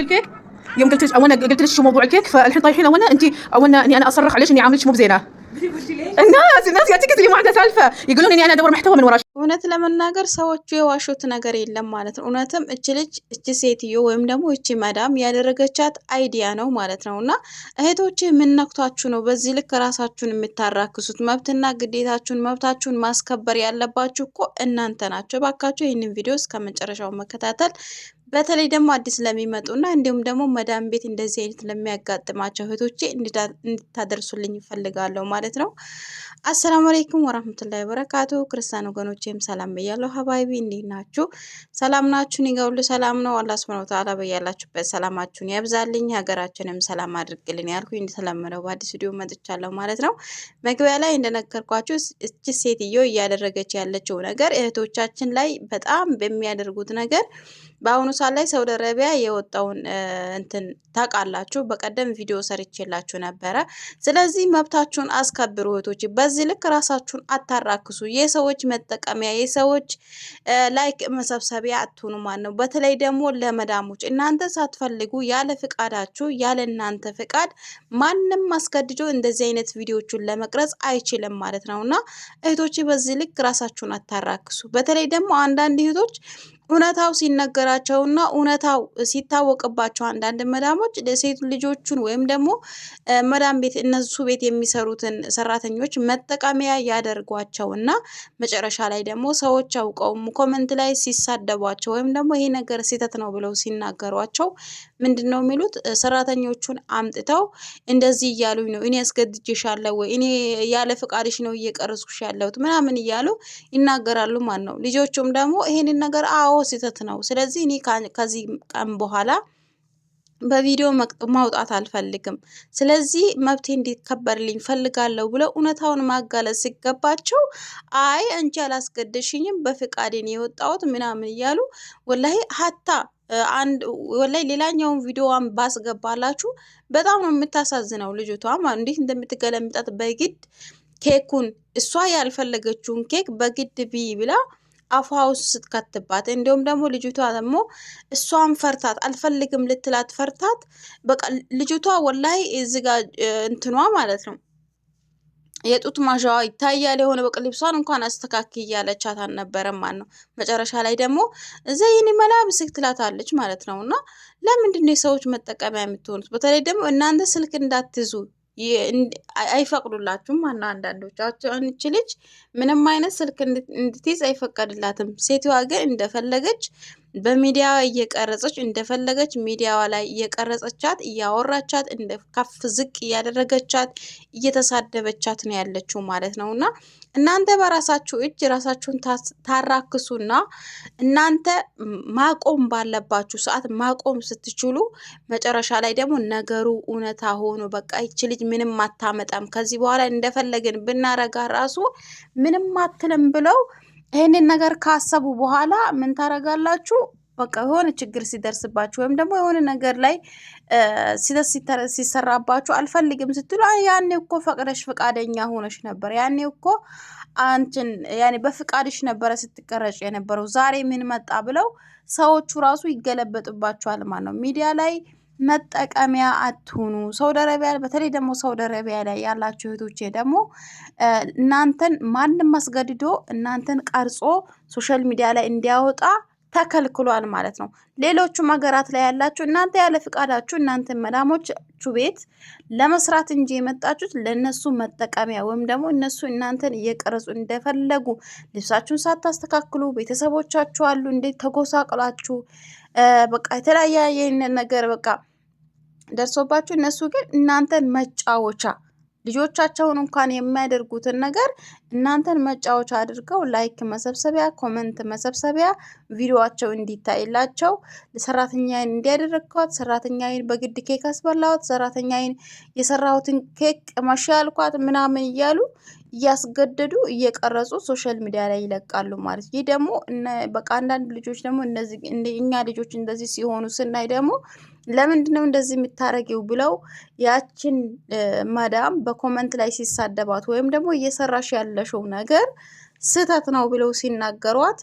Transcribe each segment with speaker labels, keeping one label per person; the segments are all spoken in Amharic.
Speaker 1: الكيك يوم قلت لك اولا قلت لك شو موضوع الكيك فالحين طايحين اولا انت اولا اني انا اصرخ عليك اني عاملك مو بزينه الناس الناس يعطيك اللي ما عندها سالفه يقولون اني انا ادور محتوى من ورا
Speaker 2: እውነት ለመናገር ሰዎቹ የዋሹት ነገር የለም ማለት ነው። እውነትም እች ልጅ እች ሴትዮ ወይም ደግሞ እች መዳም ያደረገቻት አይዲያ ነው ማለት ነው። እና እህቶች የምነክቷችሁ ነው በዚህ ልክ ራሳችሁን የምታራክሱት መብትና ግዴታችሁን መብታችሁን ማስከበር ያለባችሁ እኮ እናንተ ናቸው። ባካችሁ ይህንን ቪዲዮ እስከ መጨረሻው መከታተል በተለይ ደግሞ አዲስ ለሚመጡ እና እንዲሁም ደግሞ መዳም ቤት እንደዚህ አይነት ለሚያጋጥማቸው እህቶቼ እንድታደርሱልኝ ይፈልጋለሁ ማለት ነው። አሰላሙ አለይኩም ወራህመቱላሂ ወበረካቱ። ክርስቲያን ወገኖቼም ሰላም ብያለሁ። ሀባይቢ እንዴት ናችሁ? ሰላም ናችሁን? ይገብሉ ሰላም ነው። አላህ ሱብሃነሁ ወተዓላ በያላችሁበት ሰላማችሁን ያብዛልኝ፣ ሀገራችንም ሰላም አድርግልን ያልኩኝ እንደተለመደው በአዲስ ቪዲዮ መጥቻለሁ ማለት ነው። መግቢያ ላይ እንደነገርኳችሁ እቺ ሴትዮ እያደረገች ያለችው ነገር እህቶቻችን ላይ በጣም በሚያደርጉት ነገር በአሁኑ ሰዓት ላይ ሳውዲ አረቢያ የወጣውን እንትን ታውቃላችሁ። በቀደም ቪዲዮ ሰርቼላችሁ ነበረ። ስለዚህ መብታችሁን አስከብሩ እህቶች፣ በዚህ ልክ ራሳችሁን አታራክሱ። የሰዎች መጠቀሚያ፣ የሰዎች ላይክ መሰብሰቢያ አትሆኑ ማን ነው። በተለይ ደግሞ ለመዳሞች እናንተ ሳትፈልጉ ያለ ፍቃዳችሁ ያለ እናንተ ፍቃድ ማንም አስገድዶ እንደዚህ አይነት ቪዲዮቹን ለመቅረጽ አይችልም ማለት ነው እና እህቶች በዚህ ልክ ራሳችሁን አታራክሱ። በተለይ ደግሞ አንዳንድ እህቶች እውነታው ሲነገራቸውና እውነታው ሲታወቅባቸው አንዳንድ መዳሞች ሴት ልጆቹን ወይም ደግሞ መዳም ቤት እነሱ ቤት የሚሰሩትን ሰራተኞች መጠቀሚያ ያደርጓቸው እና መጨረሻ ላይ ደግሞ ሰዎች አውቀው ኮመንት ላይ ሲሳደቧቸው ወይም ደግሞ ይሄ ነገር ስህተት ነው ብለው ሲናገሯቸው ምንድን ነው የሚሉት? ሰራተኞቹን አምጥተው እንደዚህ እያሉኝ ነው እኔ አስገድጄሻለሁ ወይ እኔ ያለ ፈቃድሽ ነው እየቀረስኩሽ ያለሁት ምናምን እያሉ ይናገራሉ ማለት ነው። ልጆቹም ደግሞ ይሄንን ነገር አዎ አዎ ስህተት ነው። ስለዚህ እኔ ከዚህ ቀን በኋላ በቪዲዮ ማውጣት አልፈልግም፣ ስለዚህ መብቴ እንዲከበርልኝ ፈልጋለሁ ብለው እውነታውን ማጋለጽ ሲገባቸው አይ አንቺ አላስገደሽኝም በፍቃዴን የወጣሁት ምናምን እያሉ ወላሂ ሀታ አንድ ወላይ ሌላኛውን ቪዲዮዋን ባስገባላችሁ በጣም ነው የምታሳዝነው። ልጅቷ እንዴት እንደምትገለምጣት በግድ ኬኩን እሷ ያልፈለገችውን ኬክ በግድ ብይ ብላ አፏ ውስጥ ስትከትባት፣ እንዲሁም ደግሞ ልጅቷ ደግሞ እሷን ፈርታት አልፈልግም ልትላት ፈርታት፣ በቃ ልጅቷ ወላይ እዚጋ እንትኗ ማለት ነው የጡት ማሻዋ ይታያል። የሆነ በቃ ልብሷን እንኳን አስተካክ እያለቻት አልነበረም ማለት ነው። መጨረሻ ላይ ደግሞ ዘይን መላብስክ ትላታለች ማለት ነው። እና ለምንድን ነው የሰዎች መጠቀሚያ የምትሆኑት? በተለይ ደግሞ እናንተ ስልክ እንዳትይዙ አይፈቅዱላችሁም። አና አንዳንዶቻቸው አንቺ ልጅ ምንም አይነት ስልክ እንድትይዝ አይፈቀድላትም። ሴትዋ ግን እንደፈለገች በሚዲያ እየቀረጸች እንደፈለገች ሚዲያዋ ላይ እየቀረጸቻት እያወራቻት እንደ ከፍ ዝቅ እያደረገቻት እየተሳደበቻት ነው ያለችው ማለት ነው። እና እናንተ በራሳችሁ እጅ ራሳችሁን ታራክሱና እናንተ ማቆም ባለባችሁ ሰዓት ማቆም ስትችሉ፣ መጨረሻ ላይ ደግሞ ነገሩ እውነታ ሆኖ በቃ ይቺ ልጅ ምንም አታመጣም ከዚህ በኋላ እንደፈለግን ብናረጋ ራሱ ምንም አትልም ብለው ይህንን ነገር ካሰቡ በኋላ ምን ታደርጋላችሁ? በቃ የሆነ ችግር ሲደርስባችሁ ወይም ደግሞ የሆነ ነገር ላይ ሲደርስ ሲሰራባችሁ አልፈልግም ስትሉ ያኔ እኮ ፈቅደሽ ፈቃደኛ ሆነሽ ነበር። ያኔ እኮ አንቺን ያኔ በፍቃድሽ ነበረ ስትቀረጭ የነበረው ዛሬ ምን መጣ ብለው ሰዎቹ ራሱ ይገለበጡባችኋል ማለት ነው ሚዲያ ላይ መጠቀሚያ አትሁኑ። ሳውዲ አረቢያ በተለይ ደግሞ ሳውዲ አረቢያ ላይ ያላችሁ እህቶቼ ደግሞ እናንተን ማንም አስገድዶ እናንተን ቀርጾ ሶሻል ሚዲያ ላይ እንዲያወጣ ተከልክሏል ማለት ነው። ሌሎቹም ሀገራት ላይ ያላችሁ እናንተ ያለ ፍቃዳችሁ መዳሞች መዳሞቹ ቤት ለመስራት እንጂ የመጣችሁት ለእነሱ መጠቀሚያ ወይም ደግሞ እነሱ እናንተን እየቀረጹ እንደፈለጉ ልብሳችሁን ሳታስተካክሉ ቤተሰቦቻችሁ አሉ እንዴት ተጎሳቅላችሁ በቃ የተለያየ ነገር በቃ ደርሶባቸው እነሱ ግን እናንተን መጫወቻ ልጆቻቸውን እንኳን የሚያደርጉትን ነገር እናንተን መጫወቻ አድርገው ላይክ መሰብሰቢያ፣ ኮመንት መሰብሰቢያ ቪዲዮቸው እንዲታይላቸው ሰራተኛዬን እንዲያደረግኳት፣ ሰራተኛዬን በግድ ኬክ አስበላሁት፣ ሰራተኛዬን የሰራሁትን ኬክ ቅመሽ ያልኳት ምናምን እያሉ እያስገደዱ እየቀረጹ ሶሻል ሚዲያ ላይ ይለቃሉ ማለት ይህ ደግሞ በቃ አንዳንድ ልጆች ደግሞ እኛ ልጆች እንደዚህ ሲሆኑ ስናይ ደግሞ ለምንድን ነው እንደዚህ የምታረጊው ብለው ያችን መዳም በኮመንት ላይ ሲሳደባት ወይም ደግሞ እየሰራሽ ያለ ያለሽው ነገር ስህተት ነው ብለው ሲናገሯት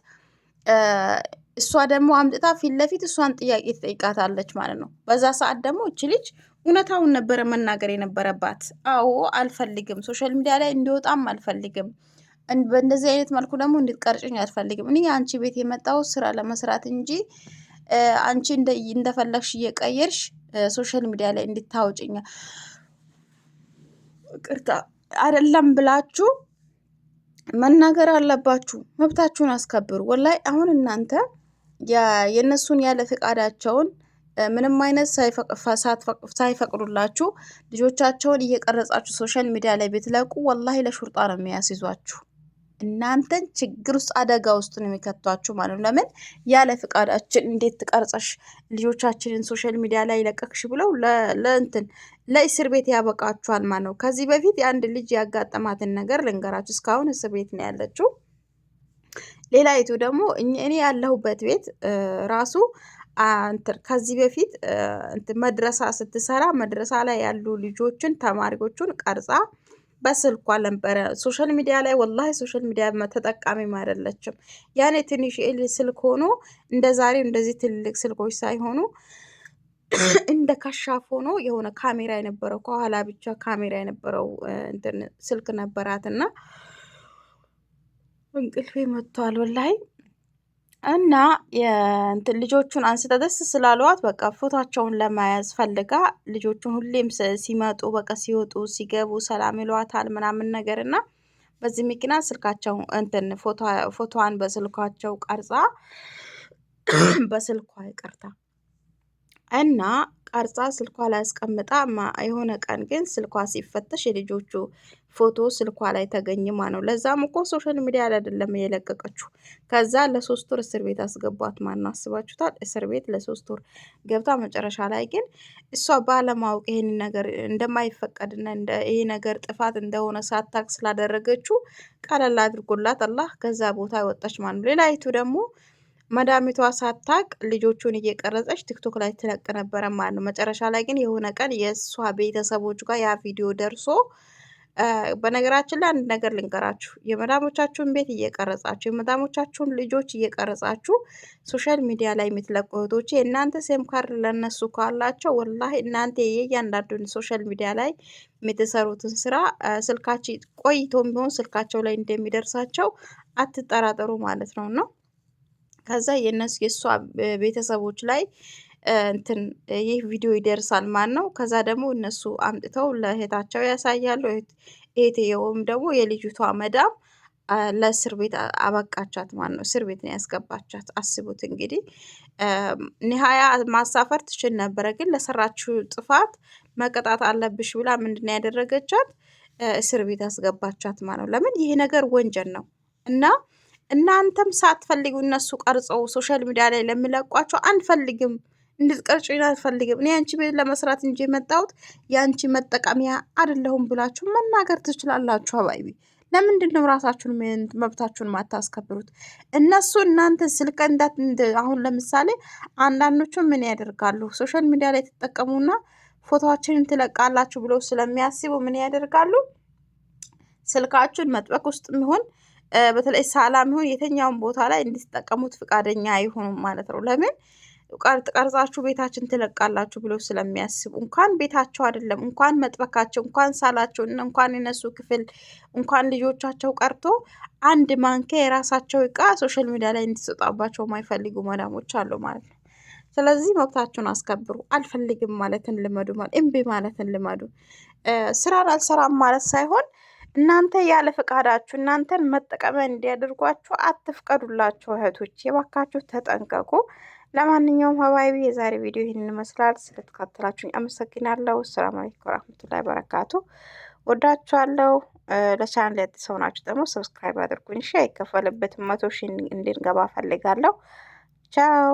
Speaker 2: እሷ ደግሞ አምጥታ ፊት ለፊት እሷን ጥያቄ ትጠይቃታለች ማለት ነው። በዛ ሰዓት ደግሞ እች ልጅ እውነታውን ነበረ መናገር የነበረባት። አዎ አልፈልግም፣ ሶሻል ሚዲያ ላይ እንዲወጣም አልፈልግም፣ በእንደዚህ አይነት መልኩ ደግሞ እንድትቀርጭኝ አልፈልግም። እኔ አንቺ ቤት የመጣው ስራ ለመስራት እንጂ አንቺ እንደፈለግሽ እየቀየርሽ ሶሻል ሚዲያ ላይ እንድታወጭኛ ቅርታ አይደለም ብላችሁ መናገር አለባችሁ። መብታችሁን አስከብሩ። ወላይ አሁን እናንተ የእነሱን ያለ ፈቃዳቸውን ምንም አይነት ሳይፈቅዱላችሁ ልጆቻቸውን እየቀረጻችሁ ሶሻል ሚዲያ ላይ ብትለቁ ወላሂ ለሹርጣ ነው የሚያስይዟችሁ። እናንተን ችግር ውስጥ አደጋ ውስጥ ነው የሚከቷችሁ ማለት ነው። ለምን ያለ ፍቃዳችን እንዴት ትቀርጸሽ ልጆቻችንን ሶሻል ሚዲያ ላይ ለቀቅሽ ብለው ለእንትን ለእስር ቤት ያበቃችኋል ማለት ነው። ከዚህ በፊት የአንድ ልጅ ያጋጠማትን ነገር ልንገራችሁ። እስካሁን እስር ቤት ነው ያለችው። ሌላይቱ ደግሞ እኔ ያለሁበት ቤት ራሱ ከዚህ በፊት መድረሳ ስትሰራ መድረሳ ላይ ያሉ ልጆችን ተማሪዎቹን ቀርጻ በስልኳ ነበረ ሶሻል ሚዲያ ላይ ወላ ሶሻል ሚዲያ ተጠቃሚም አይደለችም። ያኔ ትንሽ ኤል ስልክ ሆኖ እንደ ዛሬው እንደዚህ ትልልቅ ስልኮች ሳይሆኑ እንደ ካሻፍ ሆኖ የሆነ ካሜራ የነበረው ከኋላ ብቻ ካሜራ የነበረው ስልክ ነበራት እና እንቅልፌ መጥቷል ወላይ እና ልጆቹን አንስተ ደስ ስላሏት በቃ ፎታቸውን ለመያዝ ፈልጋ ልጆቹን ሁሌም ሲመጡ በቃ ሲወጡ ሲገቡ ሰላም ይሏታል ምናምን ነገር እና በዚህ ምክንያት ስልካቸው እንትን ፎቶዋን በስልኳቸው ቀርጻ በስልኳ ይቅርታ እና ቀርጻ ስልኳ ላይ አስቀምጣ የሆነ ቀን ግን ስልኳ ሲፈተሽ የልጆቹ ፎቶ ስልኳ ላይ ተገኝ ማለት ነው። ለዛም እኮ ሶሻል ሚዲያ ላይ አይደለም የለቀቀችው። ከዛ ለሶስት ወር እስር ቤት አስገቧት ማለት ነው። አስባችሁታል? እስር ቤት ለሶስት ወር ገብታ መጨረሻ ላይ ግን እሷ ባለማወቅ ይህን ነገር እንደማይፈቀድና ይህ ነገር ጥፋት እንደሆነ ሳታቅ ስላደረገችው ቀለል አድርጎላት አላህ ከዛ ቦታ ወጣች ማለት ነው። ሌላይቱ ደግሞ መዳሚቷ ሳታቅ ልጆቹን እየቀረጸች ቲክቶክ ላይ ትለቅ ነበረ ማለት ነው። መጨረሻ ላይ ግን የሆነ ቀን የእሷ ቤተሰቦች ጋር ያ ቪዲዮ ደርሶ በነገራችን ላይ አንድ ነገር ልንገራችሁ፣ የመዳሞቻችሁን ቤት እየቀረጻችሁ የመዳሞቻችሁን ልጆች እየቀረጻችሁ ሶሻል ሚዲያ ላይ የምትለቁ እህቶች እናንተ ሴም ካርድ ለነሱ ካላቸው ወላሂ እናንተ የእያንዳንዱን ሶሻል ሚዲያ ላይ የምትሰሩትን ስራ ስልካች ቆይቶም ቢሆን ስልካቸው ላይ እንደሚደርሳቸው አትጠራጠሩ ማለት ነው ነው ከዛ የእነሱ የእሷ ቤተሰቦች ላይ እንትን ይህ ቪዲዮ ይደርሳል ማለት ነው። ከዛ ደግሞ እነሱ አምጥተው ለእህታቸው ያሳያሉ። እህትየውም ደግሞ የልጅቷ መዳም ለእስር ቤት አበቃቻት ማለት ነው። እስር ቤት ነው ያስገባቻት። አስቡት እንግዲህ ኒሀያ ማሳፈር ትችል ነበረ፣ ግን ለሰራችው ጥፋት መቀጣት አለብሽ ብላ ምንድን ያደረገቻት እስር ቤት ያስገባቻት ማለት ነው። ለምን ይሄ ነገር ወንጀል ነው እና እናንተም ሳትፈልጉ እነሱ ቀርጸው ሶሻል ሚዲያ ላይ ለሚለቋቸው አንፈልግም፣ እንድትቀርጭን አልፈልግም፣ እኔ አንቺ ቤት ለመስራት እንጂ የመጣሁት የአንቺ መጠቀሚያ አይደለሁም ብላችሁ መናገር ትችላላችሁ። አባይቢ ለምንድን ነው ራሳችሁን መብታችሁን ማታስከብሩት? እነሱ እናንተ ስልክ እንዳት አሁን ለምሳሌ አንዳንዶቹ ምን ያደርጋሉ? ሶሻል ሚዲያ ላይ ተጠቀሙና ፎቶዎችን ትለቃላችሁ ብለው ስለሚያስቡ ምን ያደርጋሉ? ስልካችሁን መጥበቅ ውስጥ የሚሆን በተለይ ሳላም ይሁን የተኛውን ቦታ ላይ እንድትጠቀሙት ፍቃደኛ አይሆኑም ማለት ነው። ለምን ቀርጻችሁ ቤታችን ትለቃላችሁ ብሎ ስለሚያስቡ እንኳን ቤታቸው አይደለም እንኳን መጥበካቸው እንኳን ሳላቸው እንኳን የነሱ ክፍል እንኳን ልጆቻቸው ቀርቶ አንድ ማንኪያ የራሳቸው እቃ ሶሻል ሚዲያ ላይ እንዲሰጣባቸው የማይፈልጉ መዳሞች አሉ ማለት ነው። ስለዚህ መብታችሁን አስከብሩ። አልፈልግም ማለትን ልመዱ፣ እምቢ ማለትን ልመዱ። ስራን አልሰራም ማለት ሳይሆን እናንተ ያለ ፈቃዳችሁ እናንተን መጠቀመ እንዲያደርጓችሁ አትፍቀዱላቸው። እህቶች የባካችሁ ተጠንቀቁ። ለማንኛውም ሀባይቢ የዛሬ ቪዲዮ ይህን ይመስላል። ስለተከተላችሁኝ አመሰግናለሁ። ሰላም አለይኩም ወራህመቱላሂ በረካቱ። ወዳችኋለሁ። ለቻናል አዲስ ሆናችሁ ደግሞ ሰብስክራይብ አድርጉኝ። ሺ አይከፈልበትም። መቶ ሺ እንድንገባ ፈልጋለሁ። ቻው